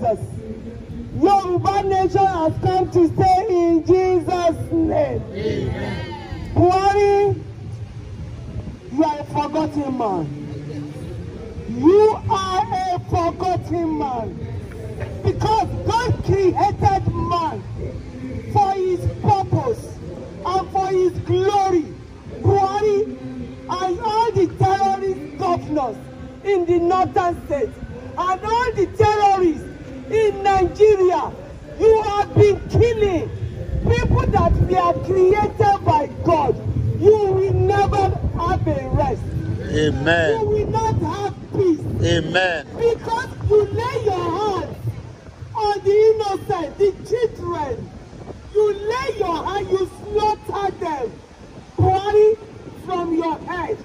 Jesus. Yoruba nation has come to stay in Jesus' name. Amen. Buhari, you are a forgotten man. You are a forgotten man. Because God created man for his purpose and for his glory. Buhari and all the terrorist governors in the northern states and all the Nigeria, you have been killing people that we are created by God. You will never have a rest. Amen. You will not have peace. Amen. Because you lay your hands on the innocent, the children. You lay your hand, you slaughter them, quarry from your head.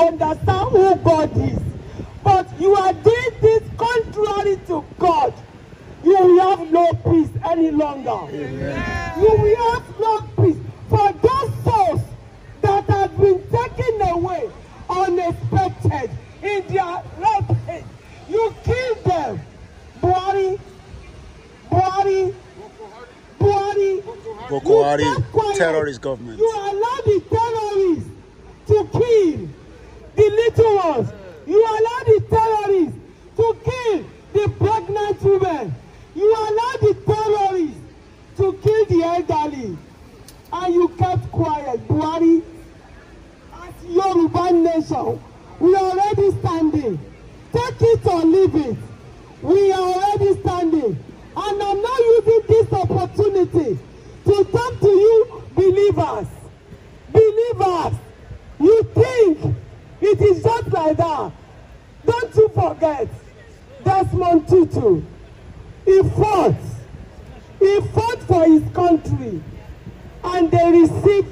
you understand who God is. But you are doing this contrary to God. You will have no peace any longer. Amen. You will have no peace. For those souls that have been taken away unexpected in their rampage, you kill them. Buhari, Buhari, Buhari, Boko Haram, terrorist government. You the pregnant women. You allow the terrorists to kill the elderly. And you kept quiet. Buhari, as Yoruba nation, we are already standing. Take it or leave it. We are already standing. And I'm now using this opportunity to talk to you believers. Believers, you think it is just like that. Don't you forget. Desmond Tutu. He fought. He fought for his country and they received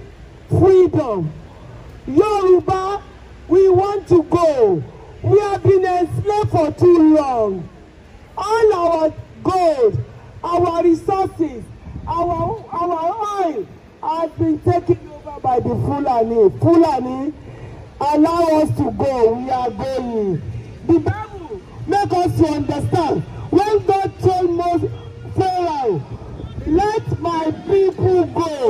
freedom. Yoruba, we want to go. We have been enslaved for too long. All our gold, our resources, our, our oil has been taken over by the Fulani. Fulani, allow us to go. We are going. The Bible to understand when God told Moses, Pharaoh, let my people go.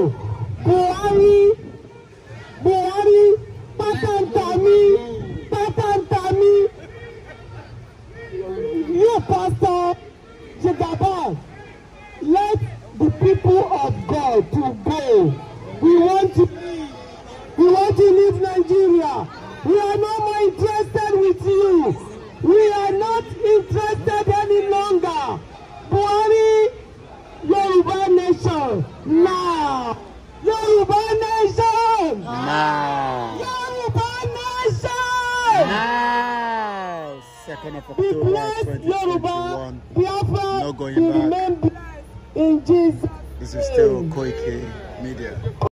No! Yoruba Nation! No! Yoruba Nation! No! 2nd of October, blessed, 2021. Yoruba, no going back. In Jesus. This is still Koike Media.